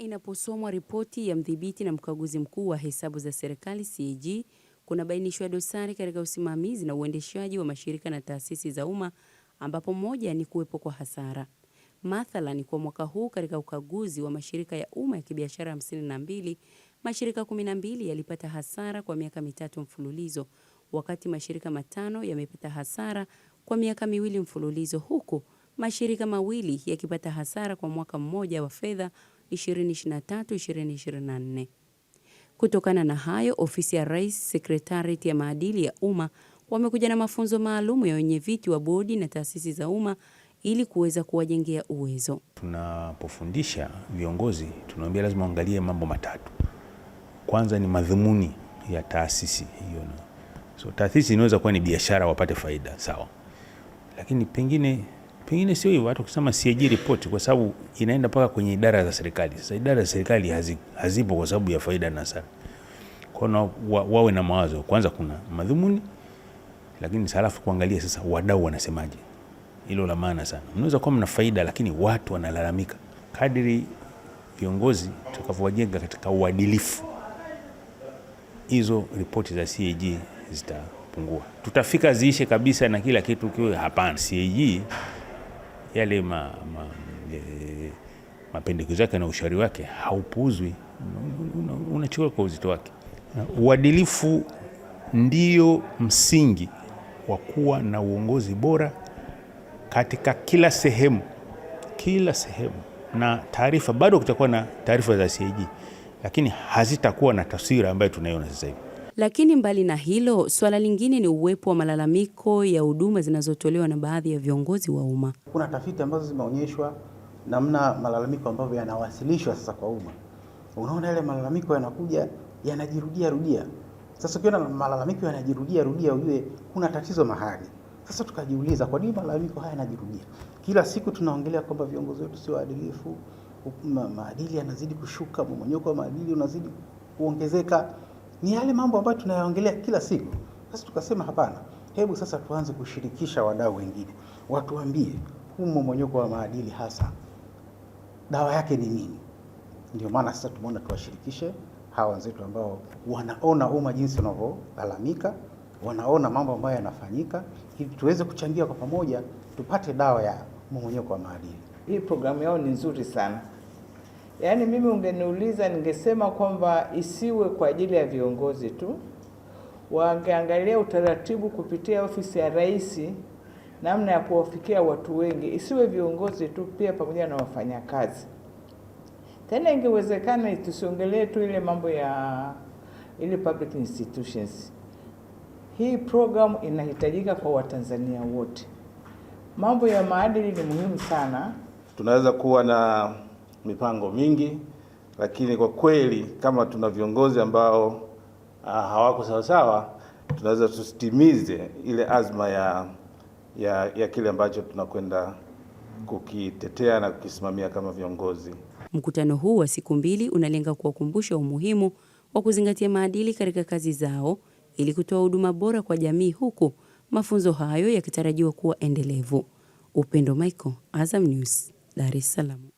inaposomwa ripoti ya mdhibiti na mkaguzi mkuu wa hesabu za serikali CAG, kunabainishwa dosari katika usimamizi na uendeshaji wa mashirika na taasisi za umma, ambapo moja ni kuwepo kwa hasara. mathalan kwa mwaka huu katika ukaguzi wa mashirika ya umma ya kibiashara 52, mashirika 12 yalipata hasara kwa miaka mitatu mfululizo, wakati mashirika matano yamepata hasara kwa miaka miwili mfululizo, huku mashirika mawili yakipata hasara kwa mwaka mmoja wa fedha 2023, 2024. Kutokana na hayo, ofisi ya Rais, Sekretarieti ya maadili ya umma wamekuja na mafunzo maalum ya wenye viti wa bodi na taasisi za umma ili kuweza kuwajengea uwezo. Tunapofundisha viongozi, tunaambia lazima waangalie mambo matatu. Kwanza ni madhumuni ya taasisi hiyo, so taasisi inaweza kuwa ni biashara, wapate faida, sawa, lakini pengine pengine sio hivyo, hata ukisema siajii report, kwa sababu inaenda mpaka kwenye idara za serikali. Sasa idara za serikali hazipo kwa sababu ya faida na hasara, kwa hiyo wa, wawe na mawazo kwanza, kuna madhumuni lakini halafu kuangalia sasa wadau wanasemaje. Hilo la maana sana. Mnaweza kuwa mna faida, lakini watu wanalalamika. Kadiri viongozi tutakavyowajenga katika uadilifu, hizo ripoti za CAG zitapungua. Tutafika ziishe kabisa na kila kitu kiwe? Hapana. CAG yale ma, ma, e, mapendekezo yake na ushauri wake haupuuzwi, unachukua kwa uzito wake. Uadilifu ndio msingi wa kuwa na uongozi bora katika kila sehemu, kila sehemu. Na taarifa bado kutakuwa na taarifa za CAG, lakini hazitakuwa na taswira ambayo tunaiona sasa hivi. Lakini mbali na hilo, suala lingine ni uwepo wa malalamiko ya huduma zinazotolewa na baadhi ya viongozi wa umma. Kuna tafiti ambazo zimeonyeshwa namna malalamiko ambavyo yanawasilishwa sasa kwa umma. Unaona yale malalamiko yanakuja yanajirudia rudia. Sasa ukiona malalamiko yanajirudia rudia, ujue kuna tatizo mahali. Sasa tukajiuliza kwa nini malalamiko haya yanajirudia kila siku? Tunaongelea kwamba viongozi wetu sio waadilifu, maadili yanazidi kushuka, mmonyoko wa maadili unazidi kuongezeka ni yale mambo ambayo tunayaongelea kila siku. Sasa tukasema hapana, hebu sasa tuanze kushirikisha wadau wengine, watuambie huu mmomonyoko wa maadili hasa dawa yake ni nini. Ndio maana sasa tumeona tuwashirikishe hawa wenzetu ambao wanaona umma jinsi unavyolalamika, wanaona mambo ambayo yanafanyika, ili tuweze kuchangia kwa pamoja, tupate dawa ya mmomonyoko wa maadili. Hii programu yao ni nzuri sana. Yaani mimi ungeniuliza, ningesema kwamba isiwe kwa ajili ya viongozi tu, wangeangalia utaratibu kupitia ofisi ya rais, namna ya kuwafikia watu wengi, isiwe viongozi tu, pia pamoja na wafanyakazi. Tena ingewezekana tusiongelee tu ile mambo ya ile public institutions. Hii programu inahitajika kwa Watanzania wote. Mambo ya maadili ni muhimu sana, tunaweza kuwa na mipango mingi, lakini kwa kweli kama tuna viongozi ambao ah, hawako sawasawa, tunaweza tusitimize ile azma ya, ya, ya kile ambacho tunakwenda kukitetea na kukisimamia kama viongozi. Mkutano huu wa siku mbili unalenga kuwakumbusha umuhimu wa kuzingatia maadili katika kazi zao ili kutoa huduma bora kwa jamii huku mafunzo hayo yakitarajiwa kuwa endelevu. Upendo Michael, Azam News, Dar es Salaam.